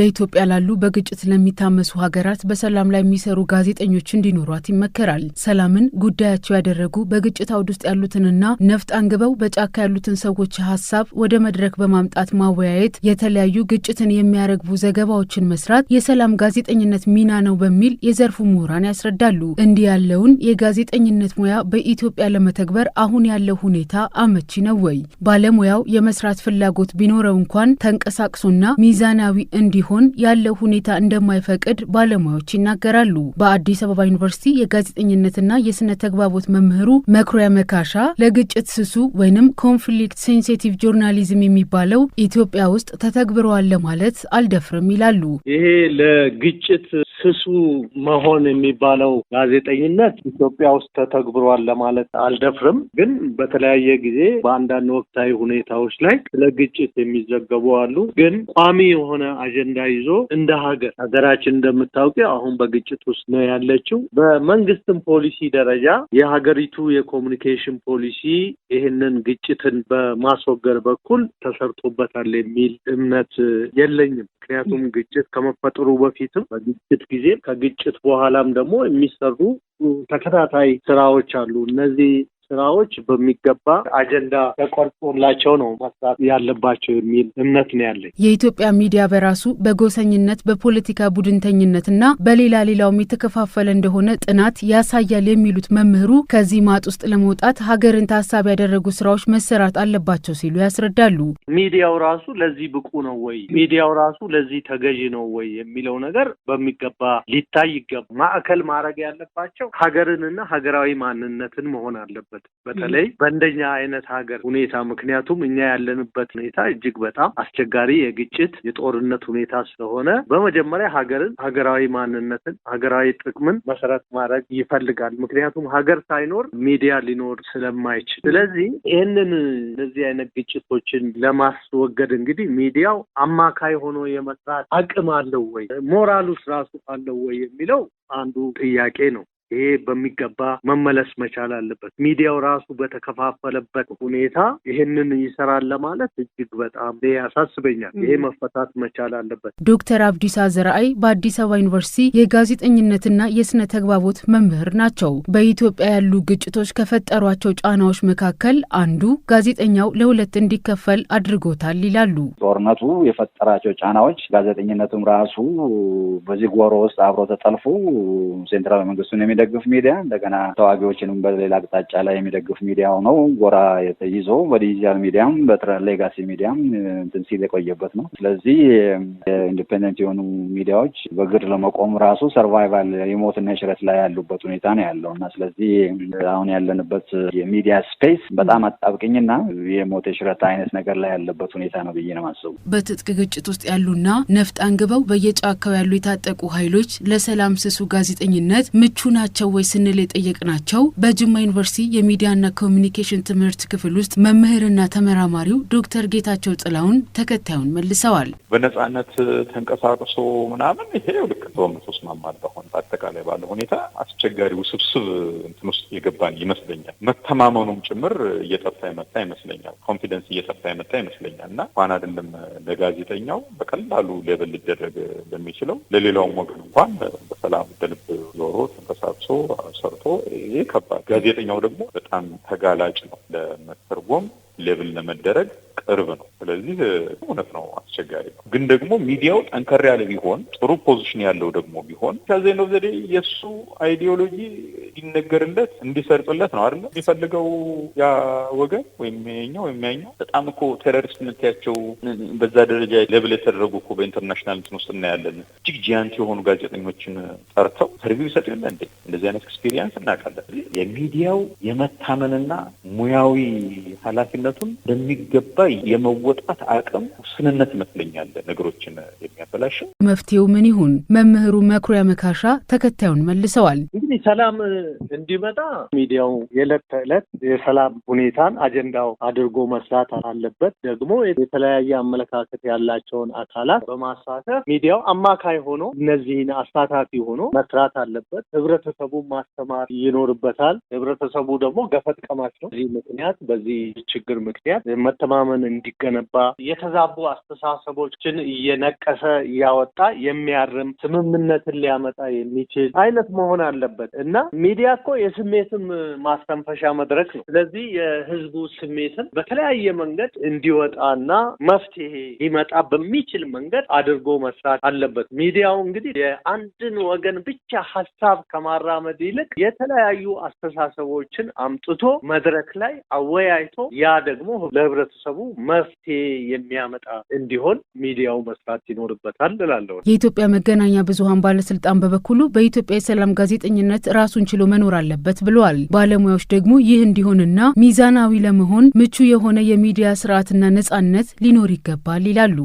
እንደ ኢትዮጵያ ላሉ በግጭት ለሚታመሱ ሀገራት በሰላም ላይ የሚሰሩ ጋዜጠኞች እንዲኖሯት ይመከራል። ሰላምን ጉዳያቸው ያደረጉ በግጭት አውድ ውስጥ ያሉትንና ነፍጥ አንግበው በጫካ ያሉትን ሰዎች ሀሳብ ወደ መድረክ በማምጣት ማወያየት፣ የተለያዩ ግጭትን የሚያረግቡ ዘገባዎችን መስራት የሰላም ጋዜጠኝነት ሚና ነው በሚል የዘርፉ ምሁራን ያስረዳሉ። እንዲህ ያለውን የጋዜጠኝነት ሙያ በኢትዮጵያ ለመተግበር አሁን ያለው ሁኔታ አመቺ ነው ወይ? ባለሙያው የመስራት ፍላጎት ቢኖረው እንኳን ተንቀሳቅሶና ሚዛናዊ እንዲሁ እንዲሆን ያለው ሁኔታ እንደማይፈቅድ ባለሙያዎች ይናገራሉ። በአዲስ አበባ ዩኒቨርሲቲ የጋዜጠኝነትና የስነ ተግባቦት መምህሩ መኩሪያ መካሻ ለግጭት ስሱ ወይንም ኮንፍሊክት ሴንሲቲቭ ጆርናሊዝም የሚባለው ኢትዮጵያ ውስጥ ተተግብረዋል ለማለት አልደፍርም ይላሉ። ይሄ ለግጭት ስሱ መሆን የሚባለው ጋዜጠኝነት ኢትዮጵያ ውስጥ ተተግብሯል ለማለት አልደፍርም። ግን በተለያየ ጊዜ በአንዳንድ ወቅታዊ ሁኔታዎች ላይ ስለ ግጭት የሚዘገቡ አሉ። ግን ቋሚ የሆነ አጀንዳ ይዞ እንደ ሀገር ሀገራችን እንደምታውቂ አሁን በግጭት ውስጥ ነው ያለችው። በመንግስትም ፖሊሲ ደረጃ የሀገሪቱ የኮሚኒኬሽን ፖሊሲ ይህንን ግጭትን በማስወገድ በኩል ተሰርቶበታል የሚል እምነት የለኝም። ምክንያቱም ግጭት ከመፈጠሩ በፊትም በግጭት ጊዜ ከግጭት በኋላም ደግሞ የሚሰሩ ተከታታይ ስራዎች አሉ። እነዚህ ስራዎች በሚገባ አጀንዳ ተቆርጦላቸው ነው መስራት ያለባቸው የሚል እምነት ነው ያለኝ። የኢትዮጵያ ሚዲያ በራሱ በጎሰኝነት በፖለቲካ ቡድንተኝነትና በሌላ ሌላውም የተከፋፈለ እንደሆነ ጥናት ያሳያል የሚሉት መምህሩ ከዚህ ማጥ ውስጥ ለመውጣት ሀገርን ታሳቢ ያደረጉ ስራዎች መሰራት አለባቸው ሲሉ ያስረዳሉ። ሚዲያው ራሱ ለዚህ ብቁ ነው ወይ፣ ሚዲያው ራሱ ለዚህ ተገዥ ነው ወይ የሚለው ነገር በሚገባ ሊታይ ይገባ። ማዕከል ማድረግ ያለባቸው ሀገርንና ሀገራዊ ማንነትን መሆን አለበት። አለበት። በተለይ በእንደኛ አይነት ሀገር ሁኔታ ምክንያቱም እኛ ያለንበት ሁኔታ እጅግ በጣም አስቸጋሪ የግጭት የጦርነት ሁኔታ ስለሆነ በመጀመሪያ ሀገርን፣ ሀገራዊ ማንነትን፣ ሀገራዊ ጥቅምን መሰረት ማድረግ ይፈልጋል። ምክንያቱም ሀገር ሳይኖር ሚዲያ ሊኖር ስለማይችል፣ ስለዚህ ይህንን እነዚህ አይነት ግጭቶችን ለማስወገድ እንግዲህ ሚዲያው አማካይ ሆኖ የመስራት አቅም አለው ወይ ሞራሉስ ራሱ አለው ወይ የሚለው አንዱ ጥያቄ ነው። ይሄ በሚገባ መመለስ መቻል አለበት። ሚዲያው ራሱ በተከፋፈለበት ሁኔታ ይህንን ይሰራል ለማለት እጅግ በጣም ያሳስበኛል። ይሄ መፈታት መቻል አለበት። ዶክተር አብዲሳ ዘርአይ በአዲስ አበባ ዩኒቨርሲቲ የጋዜጠኝነትና የስነ ተግባቦት መምህር ናቸው። በኢትዮጵያ ያሉ ግጭቶች ከፈጠሯቸው ጫናዎች መካከል አንዱ ጋዜጠኛው ለሁለት እንዲከፈል አድርጎታል ይላሉ። ጦርነቱ የፈጠራቸው ጫናዎች ጋዜጠኝነቱም ራሱ በዚህ ጎሮ ውስጥ አብሮ ተጠልፎ ሴንትራል መንግስቱን የሚ የሚደግፍ ሚዲያ እንደገና ተዋጊዎችንም በሌላ አቅጣጫ ላይ የሚደግፍ ሚዲያ ሆነው ጎራ ይዞ በዲጂታል ሚዲያም በሌጋሲ ሚዲያም እንትን ሲል የቆየበት ነው። ስለዚህ ኢንዲፔንደንት የሆኑ ሚዲያዎች በግር ለመቆም ራሱ ሰርቫይቫል የሞትና የሽረት ላይ ያሉበት ሁኔታ ነው ያለው እና ስለዚህ አሁን ያለንበት የሚዲያ ስፔስ በጣም አጣብቅኝና የሞት የሽረት አይነት ነገር ላይ ያለበት ሁኔታ ነው ብዬ ነው በትጥቅ ግጭት ውስጥ ያሉና ነፍጥ አንግበው በየጫካው ያሉ የታጠቁ ኃይሎች ለሰላም ስሱ ጋዜጠኝነት ምቹ ናቸው ናቸው ወይ ስንል የጠየቅናቸው በጅማ ዩኒቨርሲቲ የሚዲያና ኮሚኒኬሽን ትምህርት ክፍል ውስጥ መምህርና ተመራማሪው ዶክተር ጌታቸው ጥላውን ተከታዩን መልሰዋል። በነጻነት ተንቀሳቅሶ ምናምን ይሄ ልክ በመቶ እስማማለሁ። አሁን በአጠቃላይ ባለ ሁኔታ አስቸጋሪ ውስብስብ እንትን ውስጥ የገባን ይመስለኛል። መተማመኑም ጭምር እየጠፋ የመጣ ይመስለኛል። ኮንፊደንስ እየጠፋ የመጣ ይመስለኛል እና እንኳን አይደለም ለጋዜጠኛው በቀላሉ ሌበል ሊደረግ በሚችለው ለሌላውም ወገን እንኳን በሰላም ደልብ ዞሮ ተንቀሳቅሶ ለብሶ ሰርቶ ይሄ ከባድ። ጋዜጠኛው ደግሞ በጣም ተጋላጭ ነው ለመተርጎም ሌብል ለመደረግ ቅርብ ነው። ስለዚህ እውነት ነው፣ አስቸጋሪ ነው። ግን ደግሞ ሚዲያው ጠንከር ያለ ቢሆን ጥሩ ፖዚሽን ያለው ደግሞ ቢሆን ከዚ ነው ዘዴ የእሱ አይዲዮሎጂ እንዲነገርለት እንዲሰርጽለት ነው አይደለ የሚፈልገው ያ ወገን ወይም ይኸኛው ወይም ያኛው። በጣም እኮ ቴሮሪስት የምትያቸው በዛ ደረጃ ለብል የተደረጉ እኮ በኢንተርናሽናል እንትን ውስጥ እናያለን። እጅግ ጂያንት የሆኑ ጋዜጠኞችን ጠርተው ኢንተርቪው ይሰጡ የለ እንዴ? እንደዚህ አይነት ኤክስፒሪየንስ እናውቃለን። የሚዲያው የመታመንና ሙያዊ ሀላፊነቱን በሚገባ የመወጣት አቅም ውስንነት ይመስለኛል ነገሮችን የሚያበላሸው። መፍትሄው ምን ይሁን? መምህሩ መኩሪያ መካሻ ተከታዩን መልሰዋል። እንግዲህ ሰላም እንዲመጣ ሚዲያው የዕለት ተዕለት የሰላም ሁኔታን አጀንዳው አድርጎ መስራት አለበት። ደግሞ የተለያየ አመለካከት ያላቸውን አካላት በማሳተፍ ሚዲያው አማካይ ሆኖ እነዚህን አሳታፊ ሆኖ መስራት አለበት። ህብረተሰቡን ማስተማር ይኖርበታል። ህብረተሰቡ ደግሞ ገፈት ቀማች ነው። በዚህ ምክንያት በዚህ ችግር ምክንያት መተማመን እንዲገነባ የተዛቡ አስተሳሰቦችን እየነቀሰ እያወጣ የሚያርም ስምምነትን ሊያመጣ የሚችል አይነት መሆን አለበት እና ሚዲያ እኮ የስሜትም ማስተንፈሻ መድረክ ነው። ስለዚህ የህዝቡ ስሜትም በተለያየ መንገድ እንዲወጣና መፍትሄ ሊመጣ በሚችል መንገድ አድርጎ መስራት አለበት። ሚዲያው እንግዲህ የአንድን ወገን ብቻ ሀሳብ ከማራመድ ይልቅ የተለያዩ አስተሳሰቦችን አምጥቶ መድረክ ላይ አወያይቶ ያ ደግሞ ለህብረተሰቡ መፍትሄ የሚያመጣ እንዲሆን ሚዲያው መስራት ይኖርበታል እላለሁ። የኢትዮጵያ መገናኛ ብዙሀን ባለስልጣን በበኩሉ በኢትዮጵያ የሰላም ጋዜጠኝነት ራሱን ችሎ መኖር አለበት ብለዋል። ባለሙያዎች ደግሞ ይህ እንዲሆንና ሚዛናዊ ለመሆን ምቹ የሆነ የሚዲያ ስርዓትና ነጻነት ሊኖር ይገባል ይላሉ።